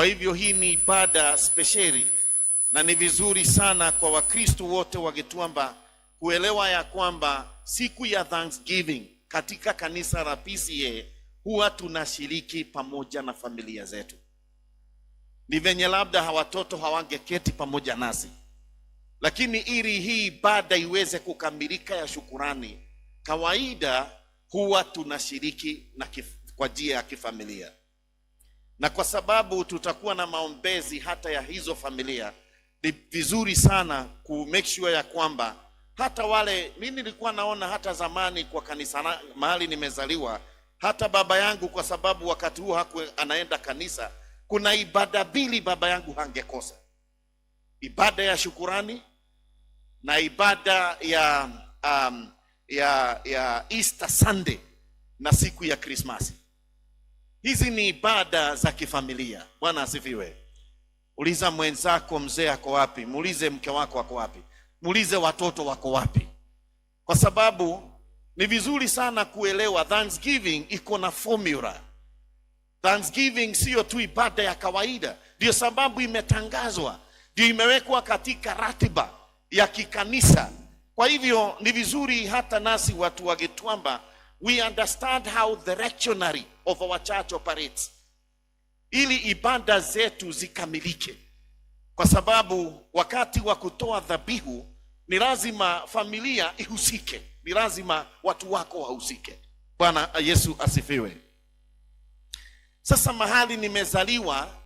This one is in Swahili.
Kwa hivyo hii ni ibada spesheli na ni vizuri sana kwa Wakristo wote wagetuamba kuelewa ya kwamba siku ya Thanksgiving katika kanisa la PCEA huwa tunashiriki pamoja na familia zetu. Ni venye labda hawatoto hawangeketi pamoja nasi, lakini ili hii ibada iweze kukamilika ya shukurani, kawaida huwa tunashiriki na kwa njia ya kifamilia na kwa sababu tutakuwa na maombezi hata ya hizo familia, ni vizuri sana ku make sure ya kwamba hata wale, mimi nilikuwa naona hata zamani kwa kanisa mahali nimezaliwa, hata baba yangu, kwa sababu wakati huo haku anaenda kanisa, kuna ibada mbili baba yangu hangekosa, ibada ya shukurani na ibada ya um, ya ya Easter Sunday na siku ya Krismasi. Hizi ni ibada za kifamilia. Bwana asifiwe. Uliza mwenzako mzee ako wapi, muulize mke wako ako wapi, muulize watoto wako wapi, kwa sababu ni vizuri sana kuelewa Thanksgiving iko na formula. Thanksgiving siyo tu ibada ya kawaida, ndio sababu imetangazwa, ndio imewekwa katika ratiba ya kikanisa. Kwa hivyo ni vizuri hata nasi watu wagetwamba we understand how the rectionary of our church operates, ili ibada zetu zikamilike, kwa sababu wakati wa kutoa dhabihu ni lazima familia ihusike, ni lazima watu wako wahusike. Bwana Yesu asifiwe. Sasa mahali nimezaliwa